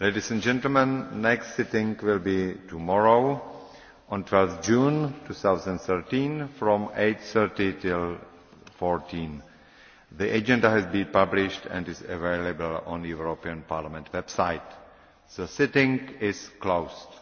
Ladies and gentlemen, next sitting will be tomorrow on 12 June 2013 from thirty till 14. The agenda has been published and is available on the European Parliament website. The sitting is closed.